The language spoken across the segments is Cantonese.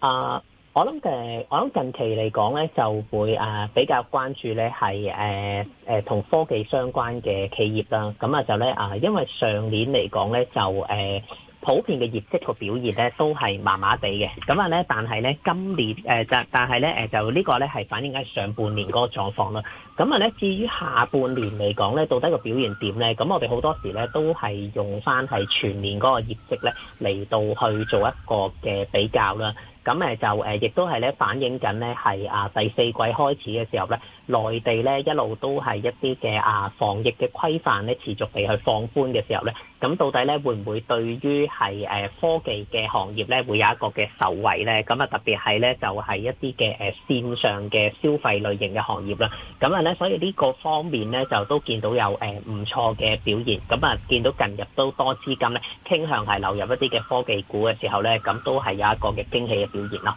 啊、uh，我諗我諗近期嚟講咧，就會啊比較關注咧係誒誒同科技相關嘅企業啦。咁啊就咧啊，因為上年嚟講咧就誒、啊、普遍嘅業績個表現咧都係麻麻地嘅。咁啊咧，但係咧今年誒、呃、就但係咧誒就呢個咧係反映緊上半年嗰個狀況啦。咁啊咧，至於下半年嚟講咧到底個表現點咧，咁我哋好多時咧都係用翻係全年嗰個業績咧嚟到去做一個嘅比較啦。咁誒就誒，亦都係咧反映緊咧，係啊第四季開始嘅時候咧。內地咧一路都係一啲嘅啊防疫嘅規範咧持續地去放寬嘅時候咧，咁到底咧會唔會對於係誒科技嘅行業咧會有一個嘅受惠咧？咁啊特別係咧就係一啲嘅誒線上嘅消費類型嘅行業啦。咁啊咧，所以呢個方面咧就都見到有誒唔錯嘅表現。咁啊見到近日都多資金咧傾向係流入一啲嘅科技股嘅時候咧，咁都係有一個嘅驚喜嘅表現啦。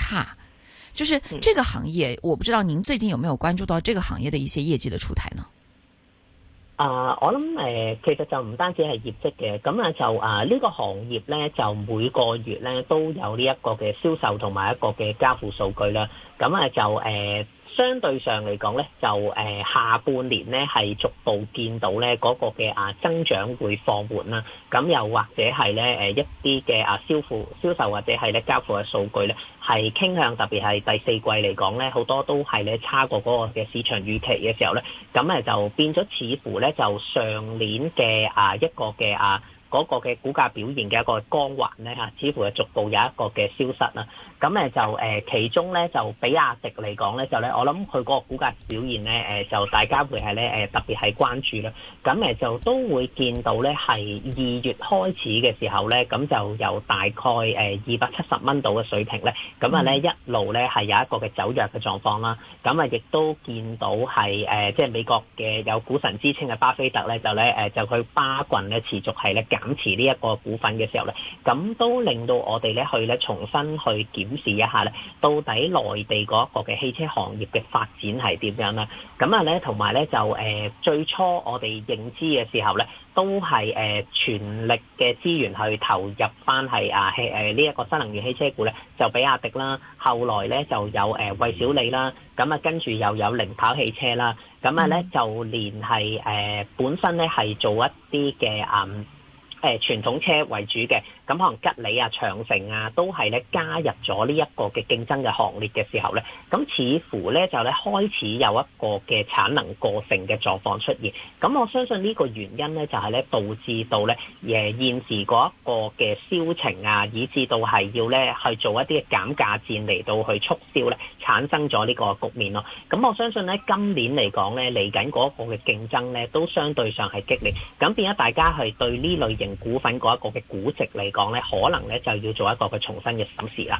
差，就是這個行業，我不知道您最近有沒有關注到這個行業的一些業績的出台呢？啊、呃，我諗誒、呃，其實就唔單止係業績嘅，咁啊就啊呢、呃呢個行業咧，就每個月咧都有呢一個嘅銷售同埋一個嘅交付數據啦，咁啊就誒。呃相對上嚟講咧，就誒下半年咧係逐步見到咧嗰個嘅啊增長會放緩啦。咁又或者係咧誒一啲嘅啊銷付銷售或者係咧交付嘅數據咧，係傾向特別係第四季嚟講咧，好多都係咧差過嗰個嘅市場預期嘅時候咧，咁誒就變咗似乎咧就上年嘅啊一個嘅啊。嗰個嘅股價表現嘅一個光環咧嚇，似乎係逐步有一個嘅消失啦。咁誒就誒其中咧就比亞迪嚟講咧就咧，我諗佢嗰個股價表現咧誒就大家會係咧誒特別係關注啦。咁誒就都會見到咧係二月開始嘅時候咧，咁就有大概誒二百七十蚊度嘅水平咧，咁啊咧一路咧係有一個嘅走弱嘅狀況啦。咁啊亦都見到係誒即係美國嘅有股神之稱嘅巴菲特咧就咧誒就佢巴郡咧持續係咧減持呢一個股份嘅時候咧，咁都令到我哋咧去咧重新去檢視一下咧，到底內地嗰個嘅汽車行業嘅發展係點樣啦？咁啊咧，同埋咧就誒最初我哋認知嘅時候咧，都係誒全力嘅資源去投入翻係啊呢一個新能源汽車股咧，就比亞迪啦。後來咧就有誒蔚小理啦，咁啊跟住又有零跑汽車啦，咁啊咧就連係誒本身咧係做一啲嘅嗯，呃傳統車為主嘅咁可能吉利啊、長城啊，都係咧加入咗呢一個嘅競爭嘅行列嘅時候咧，咁似乎咧就咧開始有一個嘅產能過剩嘅狀況出現。咁我相信呢個原因咧，就係、是、咧導致到咧誒現時嗰一個嘅銷情啊，以至到係要咧去做一啲減價戰嚟到去促銷咧，產生咗呢個局面咯。咁我相信咧今年嚟講咧嚟緊嗰一個嘅競爭咧，都相對上係激烈。咁變咗大家係對呢類型股份嗰一個嘅估值嚟講，可能咧就要做一個佢重新嘅審視啦。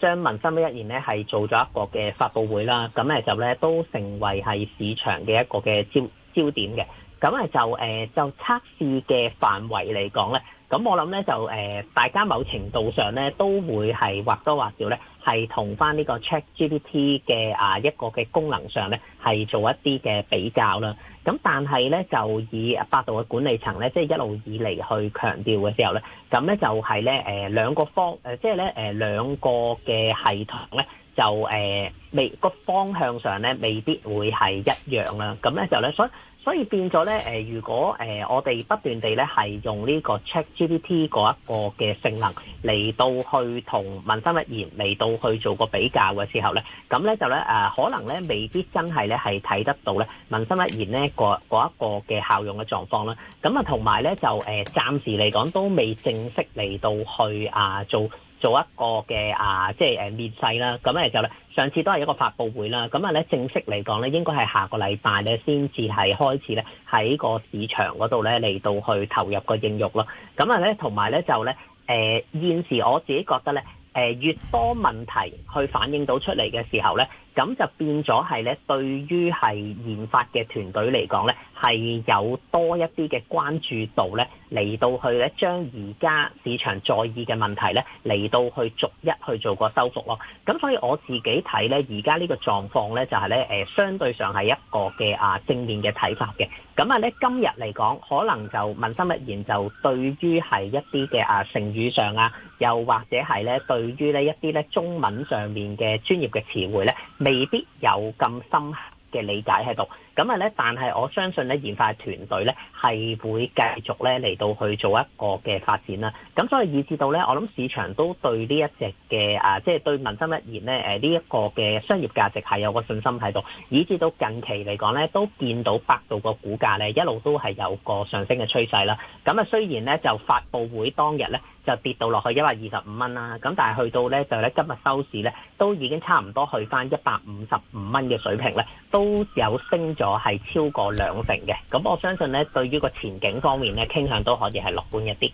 文心一言咧，係做咗一個嘅發佈會啦，咁咧就咧都成為係市場嘅一個嘅焦焦點嘅，咁咧就、呃、就測試嘅範圍嚟講咧，咁我諗咧就、呃、大家某程度上咧都會係或多或少咧係同翻呢個 ChatGPT 嘅啊一個嘅功能上咧係做一啲嘅比較啦。咁但係咧，就以百度嘅管理層咧，即係一路以嚟去強調嘅時候咧，咁咧就係咧，誒兩個方，即係咧，誒兩個嘅系統咧，就誒未個方向上咧，未必會係一樣啦。咁咧就咧，所以。所以變咗咧，誒，如果誒我哋不斷地咧係用呢個 ChatGPT 嗰一個嘅性能嚟到去同文心一言嚟到去做個比較嘅時候咧，咁咧就咧誒，可能咧未必真係咧係睇得到咧文心一言咧嗰嗰一個嘅效用嘅狀況啦。咁啊，同埋咧就誒，暫時嚟講都未正式嚟到去啊做。做一個嘅啊，即係誒面世啦，咁咧就咧上次都係一個發佈會啦，咁啊咧正式嚟講咧，應該係下個禮拜咧先至係開始咧喺個市場嗰度咧嚟到去投入個應用咯，咁啊咧同埋咧就咧誒、呃、現時我自己覺得咧誒、呃、越多問題去反映到出嚟嘅時候咧，咁就變咗係咧對於係研發嘅團隊嚟講咧。係有多一啲嘅關注度咧，嚟到去咧將而家市場在意嘅問題咧，嚟到去逐一去做個修復咯。咁所以我自己睇咧，而家呢個狀況咧，就係咧誒，相對上係一個嘅啊正面嘅睇法嘅。咁啊咧，今日嚟講，可能就文心一言，就對於係一啲嘅啊成語上啊，又或者係咧對於呢一啲咧中文上面嘅專業嘅詞彙咧，未必有咁深刻嘅理解喺度，咁啊咧，但係我相信咧，研發團隊咧係會繼續咧嚟到去做一個嘅發展啦。咁所以以至到咧，我諗市場都對呢一隻嘅啊，即係對文心一言咧誒呢一個嘅商業價值係有個信心喺度，以至到近期嚟講咧，都見到百度個股價咧一路都係有個上升嘅趨勢啦。咁啊，雖然咧就發佈會當日咧。就跌到落去一百二十五蚊啦，咁但係去到呢，就呢今日收市呢，都已經差唔多去返一百五十五蚊嘅水平呢，都有升咗係超過兩成嘅，咁我相信呢，對於個前景方面呢，傾向都可以係樂觀一啲。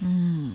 嗯。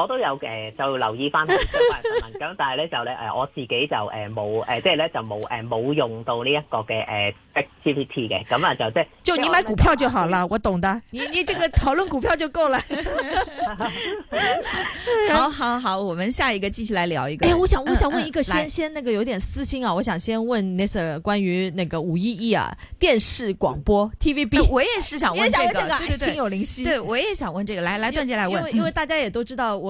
我都有嘅，就留意翻但係咧就咧我自己就誒冇即係咧就冇冇用到呢一個嘅 ChatGPT 嘅，咁啊就即係就你買股票就好了，我懂的。你你這個討論股票就夠了。好好好，我們下一個繼續來聊一個。哎，我想我想問一個先先那有點私心啊，我想先問 Nessa 關於那個五一一啊電視廣播 TVB，我也是想問這個，心有靈犀。對，我也想問這個來來段姐來問因為大家也都知道我。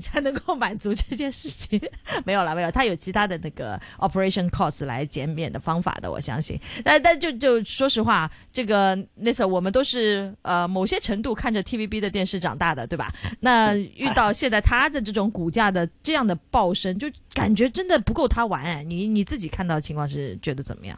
才能夠滿足這件事情， 沒有了，沒有，他有其他的那個 operation cost 來減免的方法的，我相信。那但，但就就說實話，這個那時候我們都是呃某些程度看着 TVB 的電視長大的，對吧？那遇到現在他的這種股價的這樣的暴升，唉就感覺真的不夠他玩，欸。你你自己看到的情況是覺得怎麼樣？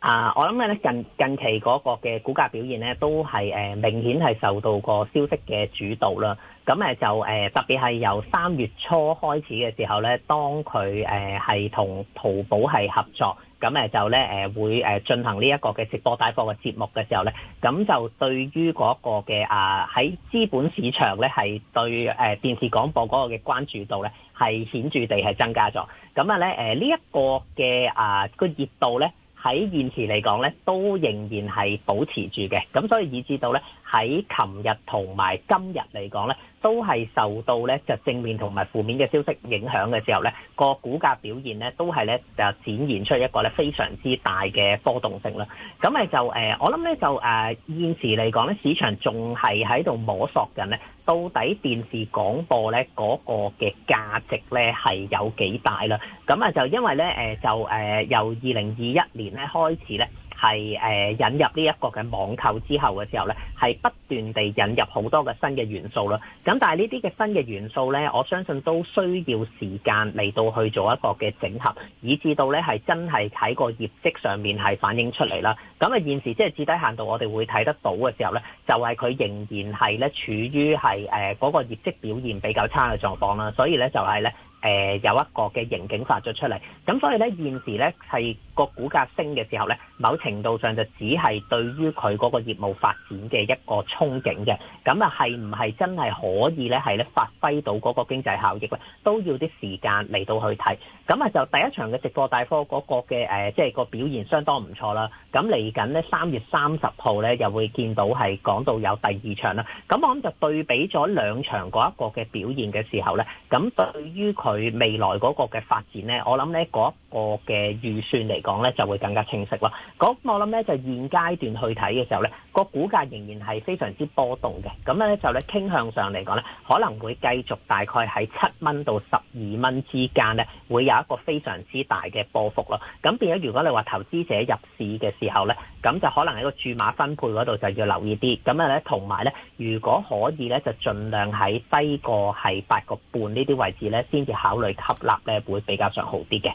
啊，我諗呢近近期嗰個嘅股價表現呢，都係誒、呃、明顯係受到個消息嘅主導啦。誒咁就誒特別係由三月初開始嘅時候咧，當佢誒係同淘寶係合作，咁就咧誒會進行呢一個嘅直播帶貨嘅節目嘅時候咧，咁就對於嗰個嘅啊喺資本市場咧係對誒電視廣播嗰個嘅關注度咧係顯著地係增加咗。咁啊咧呢一個嘅啊個熱度咧喺現時嚟講咧都仍然係保持住嘅。咁所以以至到咧。喺琴日同埋今日嚟講咧，都係受到咧就正面同埋負面嘅消息影響嘅時候咧，個股價表現咧都係咧就展現出一個咧非常之大嘅波動性啦。咁咪就誒，我諗咧就誒現時嚟講咧，市場仲係喺度摸索緊咧，到底電視廣播咧嗰個嘅價值咧係有幾大啦。咁啊就因為咧誒就誒由二零二一年咧開始咧。係誒引入呢一個嘅網購之後嘅時候咧，係不斷地引入好多嘅新嘅元素咯。咁但係呢啲嘅新嘅元素咧，我相信都需要時間嚟到去做一個嘅整合，以至到咧係真係喺個業績上面係反映出嚟啦。咁、嗯、啊現時即係至低限度，我哋會睇得到嘅時候咧，就係、是、佢仍然係咧處於係誒嗰個業績表現比較差嘅狀況啦。所以咧就係、是、咧。誒有一個嘅營景發咗出嚟，咁所以咧現時咧係個股價升嘅時候咧，某程度上就只係對於佢嗰個業務發展嘅一個憧憬嘅，咁啊係唔係真係可以咧係咧發揮到嗰個經濟效益咧，都要啲時間嚟到去睇。咁啊就第一場嘅直播大科嗰個嘅誒，即係個表現相當唔錯啦。咁嚟緊咧三月三十號咧又會見到係講到有第二場啦。咁我諗就對比咗兩場嗰一個嘅表現嘅時候咧，咁對於佢。佢未來嗰個嘅發展呢，我諗呢嗰個嘅預算嚟講呢，就會更加清晰咯。我諗呢，就現階段去睇嘅時候呢，個股價仍然係非常之波動嘅。咁咧就咧傾向上嚟講呢，可能會繼續大概喺七蚊到十二蚊之間呢，會有一個非常之大嘅波幅咯。咁變咗如果你話投資者入市嘅時候呢，咁就可能喺個注碼分配嗰度就要留意啲。咁啊咧，同埋呢，如果可以呢，就儘量喺低過係八個半呢啲位置呢，先至。考慮吸納咧，會比較上好啲嘅。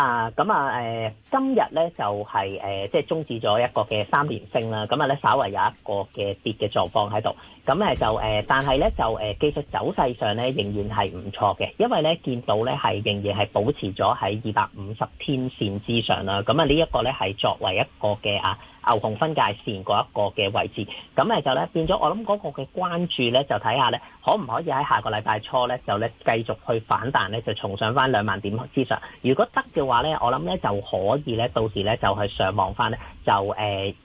啊，咁啊，誒，今日咧就係、是、誒，即係中止終止咗一個嘅三連升啦，咁啊咧稍為有一個嘅跌嘅狀況喺度，咁、嗯、誒就誒、呃，但係咧就誒、呃，技術走勢上咧仍然係唔錯嘅，因為咧見到咧係仍然係保持咗喺二百五十天線之上啦，咁、嗯、啊、嗯這個、呢一個咧係作為一個嘅啊，牛熊分界線嗰一個嘅位置，咁誒就咧變咗，我諗嗰個嘅關注咧就睇下咧，可唔可以喺下個禮拜初咧就咧繼續去反彈咧，就重上翻兩萬點之上。如果得嘅話咧，我諗咧就可以咧，到時咧就去上望翻咧。就誒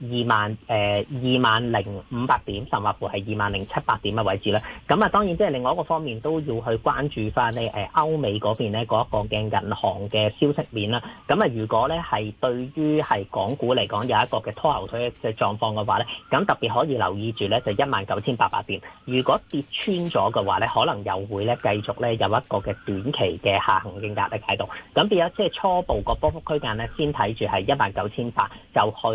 二萬誒二萬零五百點，甚或乎係二萬零七百點嘅位置咧。咁啊，當然即係另外一個方面都要去關注翻咧誒歐美嗰邊咧嗰一個嘅銀行嘅消息面啦。咁啊，如果咧係對於係港股嚟講有一個嘅拖後腿嘅狀況嘅話咧，咁特別可以留意住咧就一萬九千八百點。如果跌穿咗嘅話咧，可能又會咧繼續咧有一個嘅短期嘅下行嘅壓力喺度。咁變咗，即係初步個波幅區間咧，先睇住係一萬九千八就去